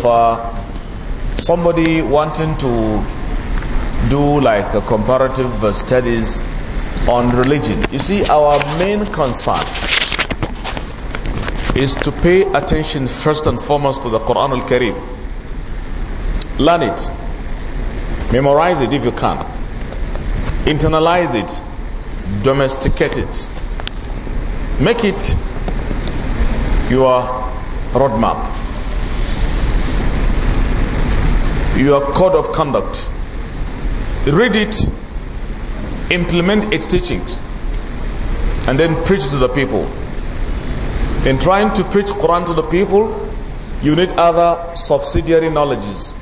if uh, somebody wanting to do like a comparative studies on religion, you see, our main concern is to pay attention first and foremost to the Quran al Karim. Learn it, memorize it if you can, internalize it, domesticate it, make it your roadmap. your code of conduct. Read it, implement its teachings, and then preach to the people. In trying to preach Quran to the people, you need other subsidiary knowledges.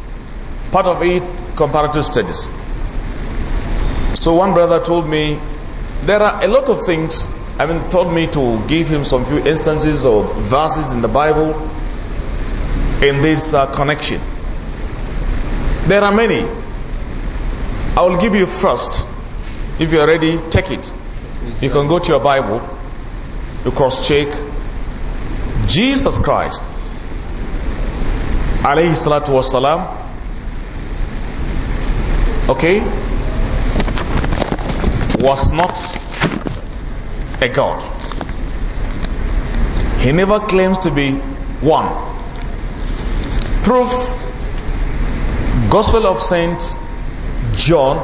Part of it, comparative studies. So one brother told me, there are a lot of things, I mean, told me to give him some few instances or verses in the Bible in this uh, connection. There are many. I will give you first. If you are ready, take it. You can go to your Bible. You cross-check. Jesus Christ, alayhi salatu wasalam, okay, was not a God. He never claims to be one. Proof Gospel of St. John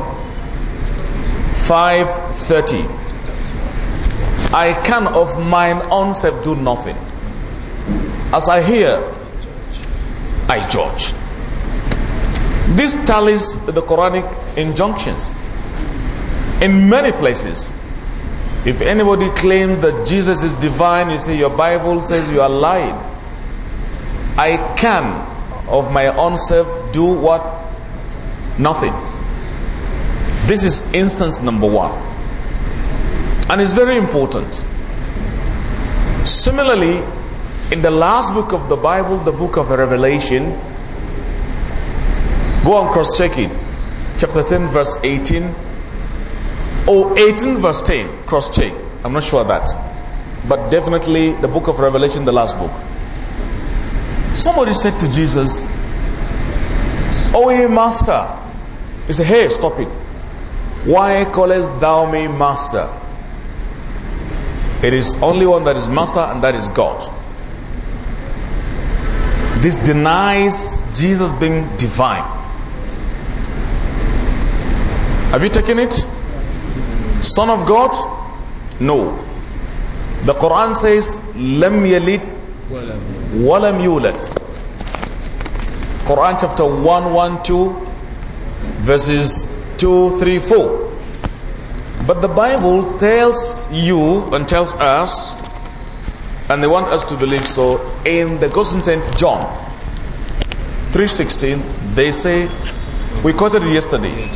5.30 I can of mine own self do nothing. As I hear, I judge. This tallies the Quranic injunctions. In many places, if anybody claims that Jesus is divine, you say your Bible says you are lying. I can of my own self do what? Nothing. This is instance number one. And it's very important. Similarly, in the last book of the Bible, the book of Revelation, go and cross check it. Chapter 10, verse 18. Oh, 18, verse 10. Cross check. I'm not sure that. But definitely the book of Revelation, the last book. Somebody said to Jesus, O oh, ye master. He said, Hey, stop it. Why callest thou me master? It is only one that is master, and that is God. This denies Jesus being divine. Have you taken it? Son of God? No. The Quran says, لم يلد ولم يولد Quran chapter 112, verses 2, 3, 4. But the Bible tells you and tells us, and they want us to believe so, in the Gospel St. John 3.16, they say, we quoted it yesterday,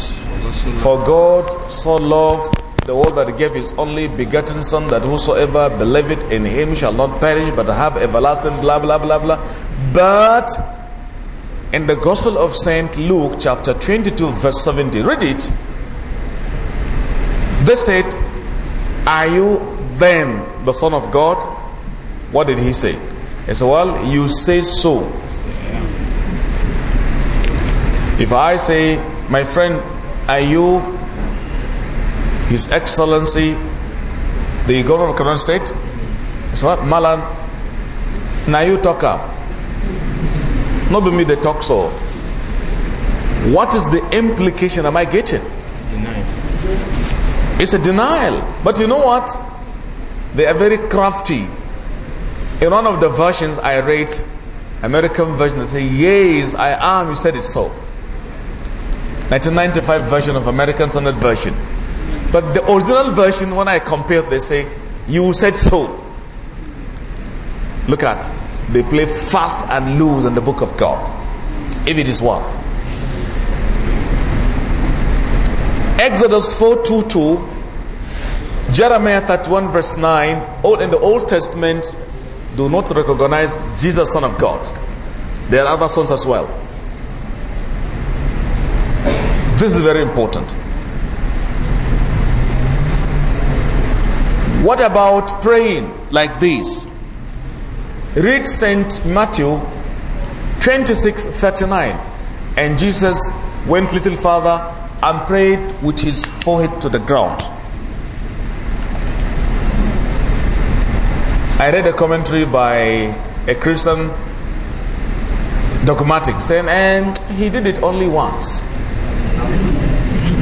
For God so loved the world that he gave his only begotten Son, that whosoever believeth in him shall not perish, but have everlasting blah, blah, blah, blah. But in the Gospel of St. Luke, chapter 22, verse 70. Read it. They said, Are you then the Son of God? What did he say? He said, Well, you say so. If I say, My friend, are you His Excellency, the Governor of Kaduna State? He said, What? Malan, now you talk up. Not be me they talk so. What is the implication am I getting? Denial. It's a denial. But you know what? They are very crafty. In one of the versions I read, American version, they say, Yes, I am. You said it so. 1995 version of American Standard Version. But the original version, when I compare, they say, You said so. Look at they play fast and loose in the book of God. If it is one. Exodus 4.2.2 Jeremiah 31 verse 9 All in the Old Testament do not recognize Jesus son of God. There are other sons as well. This is very important. What about praying like this? Read St. Matthew 26 39. And Jesus went little farther and prayed with his forehead to the ground. I read a commentary by a Christian dogmatic saying, and he did it only once.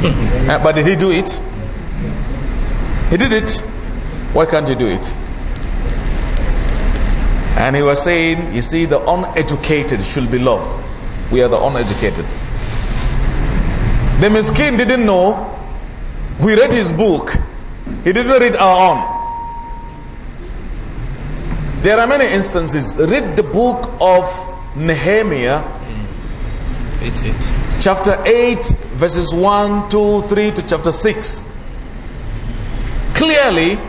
Uh, but did he do it? He did it. Why can't you do it? And he was saying, you see, the uneducated should be loved. We are the uneducated. The miskin didn't know. We read his book. He didn't read our own. There are many instances. Read the book of Nehemiah. Mm. It's it. Chapter 8, verses 1, 2, 3 to chapter 6. Clearly,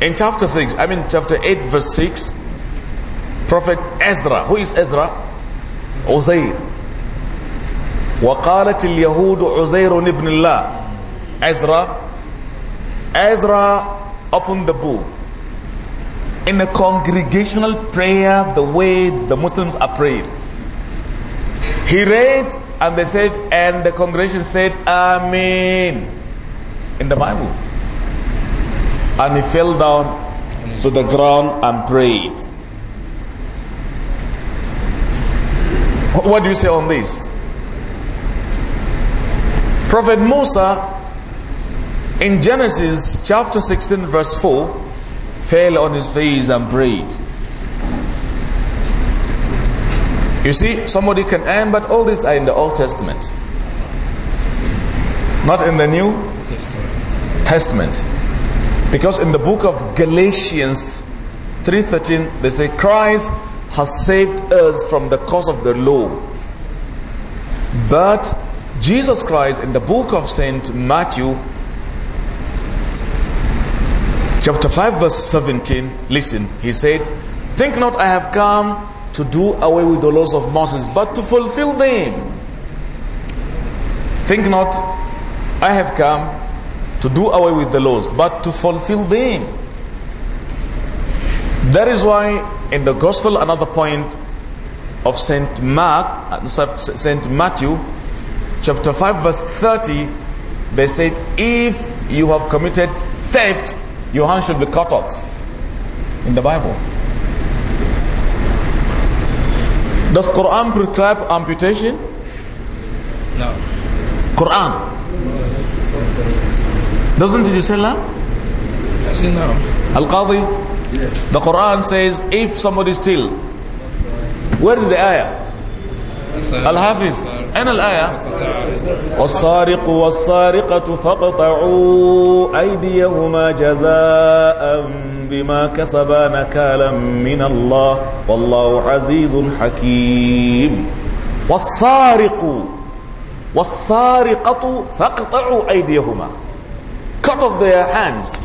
in chapter 6, I mean chapter 8, verse 6, Prophet Ezra. Who is Ezra? Uzair. وقالت اليهود عزير ابن الله Ezra Ezra opened the book in a congregational prayer the way the Muslims are praying he read and they said and the congregation said Amen in the Bible and he fell down to the ground and prayed What do you say on this? Prophet Musa in Genesis chapter 16 verse 4 fell on his face and prayed. You see, somebody can end, but all these are in the Old Testament. Not in the New Testament. Because in the book of Galatians 3.13, they say, Christ has saved us from the curse of the law. But Jesus Christ in the book of St. Matthew chapter 5 verse 17 listen he said think not I have come to do away with the laws of Moses but to fulfill them think not I have come to do away with the laws but to fulfill them that is why in the gospel, another point of St. Mark, uh, St. Matthew, chapter 5, verse 30, they said, if you have committed theft, your hand should be cut off in the Bible. Does Quran prescribe amputation? No. Quran. Doesn't it you say that? I say no. Al-Qadi? The Quran says, if somebody steal, where is the ayah? Al-Hafiz. أين ayah? "وَالصَّارِقُ وَالصَّارِقَةُ فَقْطَعُوا أيديهما جزاء بما كسبا نكالا من الله والله عزيز حكيم وَالصَّارِقُ وَالصَّارِقَةُ فَقْطَعُوا أيديهما cut off their hands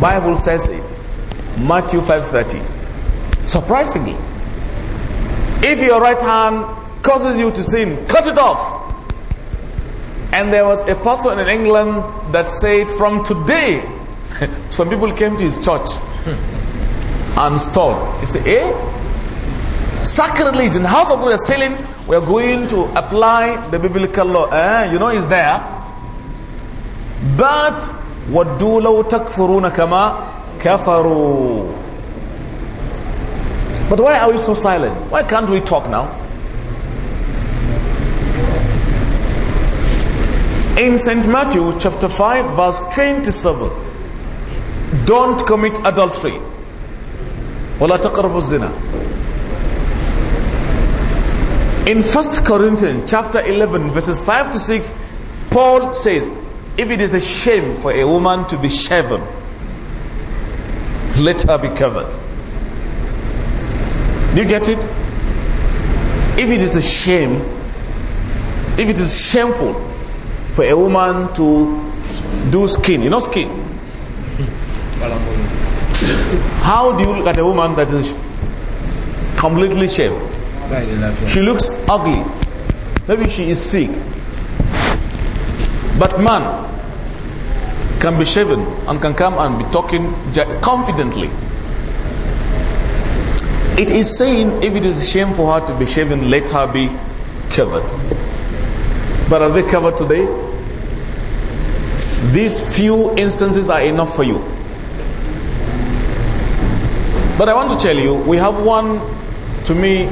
Bible says it. Matthew 5.30. Surprisingly, if your right hand causes you to sin, cut it off. And there was a pastor in England that said, from today, some people came to his church and stole. He said, eh? Sacrilege in the house of God is stealing. We are going to apply the biblical law. Eh? You know, it's there. But وَدُّوا لَوْ تَكْفُرُونَ kama kafaru But why are we so silent? Why can't we talk now? In St. Matthew chapter 5 verse 27 Don't commit adultery ولا تقربوا الزنا In First Corinthians chapter 11 verses 5 to 6 Paul says if it is a shame for a woman to be shaven, let her be covered. Do you get it? If it is a shame, if it is shameful for a woman to do skin, you know skin? How do you look at a woman that is completely shaved? She looks ugly. Maybe she is sick. But man can be shaven and can come and be talking confidently. It is saying if it is a shame for her to be shaven, let her be covered. But are they covered today? These few instances are enough for you. But I want to tell you, we have one, to me,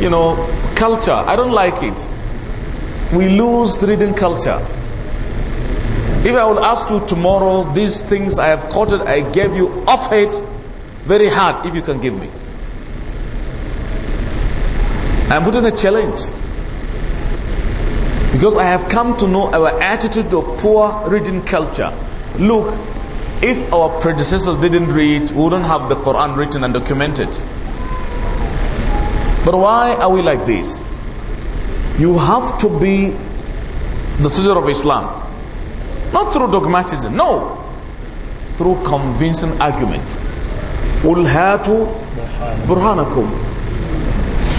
you know, culture. I don't like it. We lose reading culture. If I will ask you tomorrow, these things I have quoted, I gave you off it, very hard, if you can give me. I'm putting a challenge. Because I have come to know our attitude to poor reading culture. Look, if our predecessors didn't read, we wouldn't have the Quran written and documented. But why are we like this? You have to be the soldier of Islam. Not through dogmatism, no. Through convincing argument. Ulhatu burhanakum.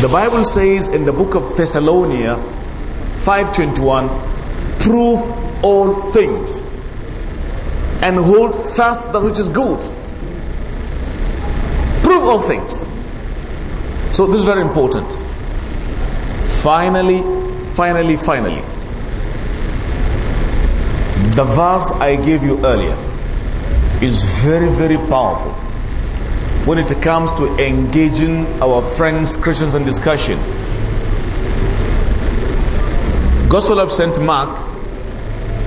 The Bible says in the book of Thessalonia 5.21, prove all things and hold fast that which is good. Prove all things. So this is very important. Finally, finally, finally. The verse I gave you earlier is very, very powerful when it comes to engaging our friends, Christians, in discussion. Gospel of St. Mark,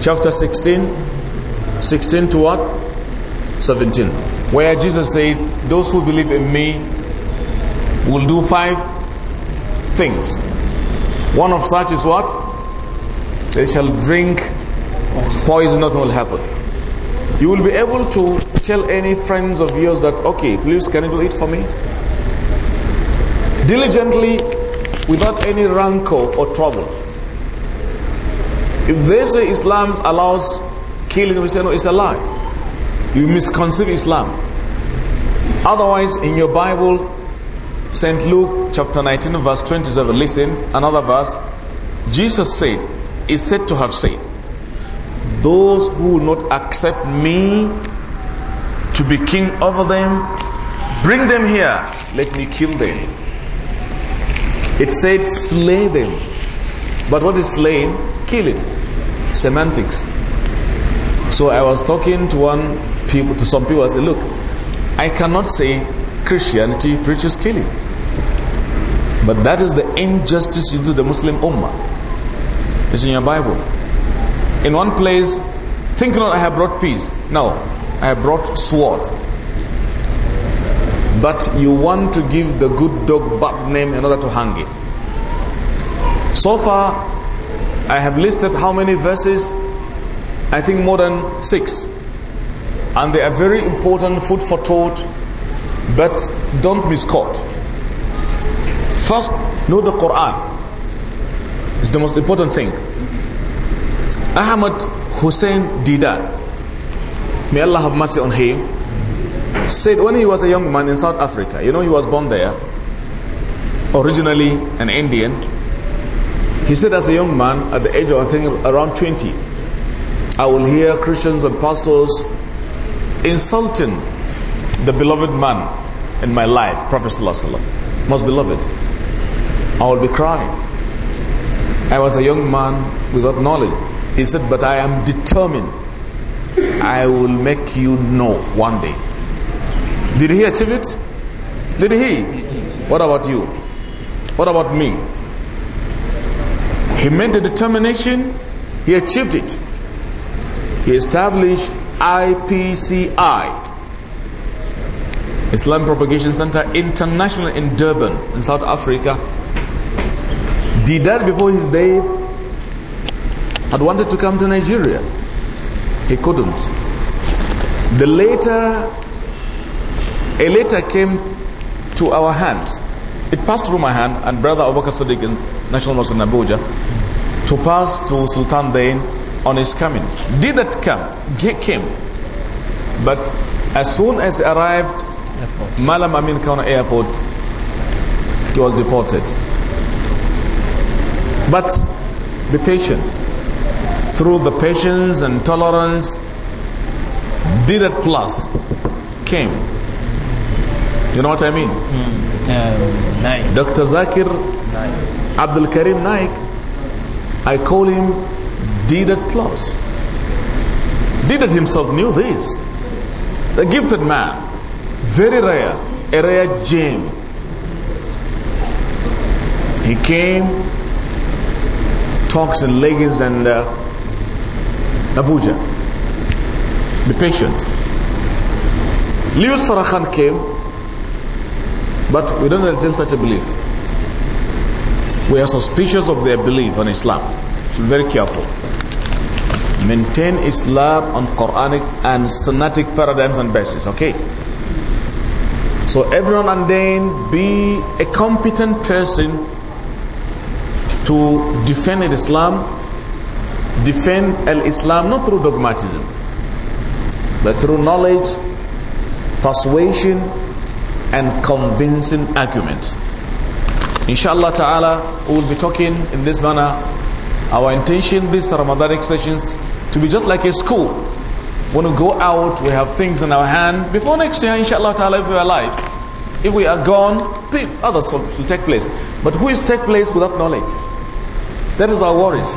chapter 16, 16 to what? 17. Where Jesus said, Those who believe in me will do five things. One of such is what? They shall drink nothing will happen. You will be able to tell any friends of yours that, okay, please can you do it for me? Diligently, without any rancor or trouble. If they say Islam allows killing, we say no, it's a lie. You misconceive Islam. Otherwise, in your Bible, St. Luke chapter 19 verse 27, listen, another verse. Jesus said, is said to have said, those who will not accept me to be king over them, bring them here, let me kill them. It said slay them. But what is slaying? Killing. Semantics. So I was talking to one people to some people, I said, look, I cannot say Christianity preaches killing. But that is the injustice you do the Muslim Ummah. It's in your Bible in one place, think not I have brought peace. No, I have brought sword. But you want to give the good dog bad name in order to hang it. So far, I have listed how many verses? I think more than six. And they are very important food for thought, but don't miss caught First, know the Quran. It's the most important thing. Ahmad Hussein Dida, may Allah have mercy on him, said when he was a young man in South Africa, you know he was born there, originally an Indian, he said as a young man, at the age of I think around 20, I will hear Christians and pastors insulting the beloved man in my life, Prophet Sallallahu Alaihi most beloved. I will be crying. I was a young man without knowledge. He said, But I am determined. I will make you know one day. Did he achieve it? Did he? What about you? What about me? He made the determination, he achieved it. He established IPCI, Islam Propagation Center International in Durban, in South Africa. Did that before his day had wanted to come to Nigeria. He couldn't. The letter, a letter came to our hands. It passed through my hand and Brother Abu Bakr National Mosque in Abuja to pass to Sultan Dain on his coming. Did that come? He came. But as soon as he arrived, airport. Malam Amin Khan Airport, he was deported. But be patient through the patience and tolerance, did it plus came. You know what I mean? Mm, um, Dr. Zakir Naik. Abdul Karim Naik, I call him Didat Plus. Didat himself knew this. A gifted man, very rare, a rare gem. He came, talks in leggings and uh, Abuja. Be patient. Lewis Farrakhan came, but we don't entertain such a belief. We are suspicious of their belief on Islam. So be very careful. Maintain Islam on Quranic and Sunnitic paradigms and basis, okay? So everyone and then be a competent person to defend Islam defend al-Islam not through dogmatism, but through knowledge, persuasion, and convincing arguments. Inshallah ta'ala, we will be talking in this manner. Our intention, these Ramadanic sessions, to be just like a school. When we go out, we have things in our hand. Before next year, inshallah ta'ala, if we are alive, if we are gone, others will take place. But who will take place without knowledge? That is our worries.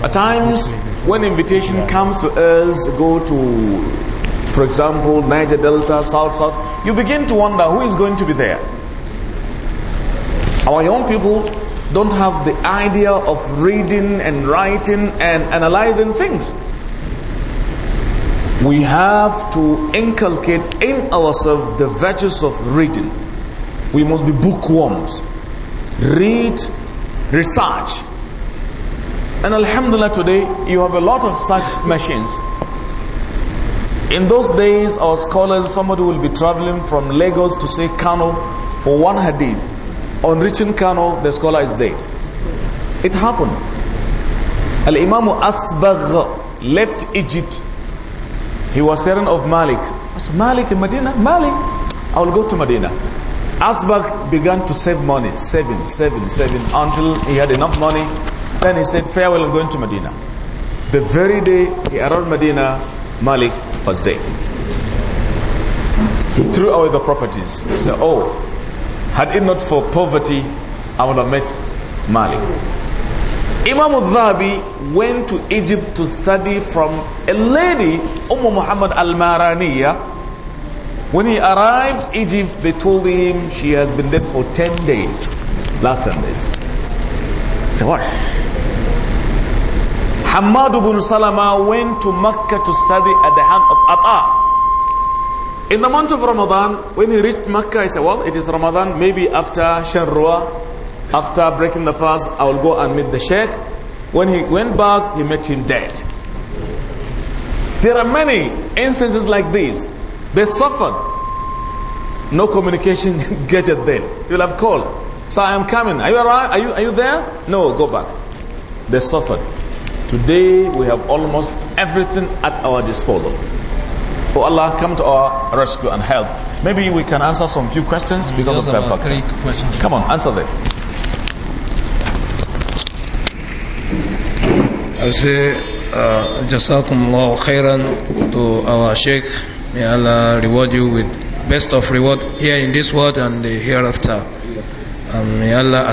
At times, when invitation comes to us, go to, for example, Niger Delta, South South, you begin to wonder who is going to be there. Our young people don't have the idea of reading and writing and analyzing things. We have to inculcate in ourselves the virtues of reading. We must be bookworms. Read, research, and Alhamdulillah today, you have a lot of such machines. In those days, our scholars, somebody will be traveling from Lagos to say Kano for one hadith. On reaching Kano, the scholar is dead. It happened. Al-Imam Asbagh left Egypt. He was servant of Malik. Malik in Medina? Malik, I will go to Medina. Asbagh began to save money, saving, saving, saving, until he had enough money then he said, farewell, I'm going to Medina. The very day he arrived Medina, Malik was dead. He threw away the properties. He said, oh, had it not for poverty, I would have met Malik. Imam al-Dhabi went to Egypt to study from a lady, Umm Muhammad al-Maraniya. When he arrived Egypt, they told him she has been dead for 10 days, last 10 days. So what? Hamad ibn Salama went to Mecca to study at the hand of Atta. In the month of Ramadan, when he reached Mecca, he said, well, it is Ramadan, maybe after Shanrua, after breaking the fast, I will go and meet the sheikh. When he went back, he met him dead. There are many instances like this. They suffered. No communication gadget then. You'll have called. So I am coming. Are you Are you, are you there? No, go back. They suffered. Today we have almost everything at our disposal. Oh Allah, come to our rescue and help. Maybe we can answer some few questions mm, because of time factor. Come on, answer them. i say, uh, Jazakum Allah khairan to our Sheikh. May Allah reward you with best of reward here in this world and the hereafter. Um, may Allah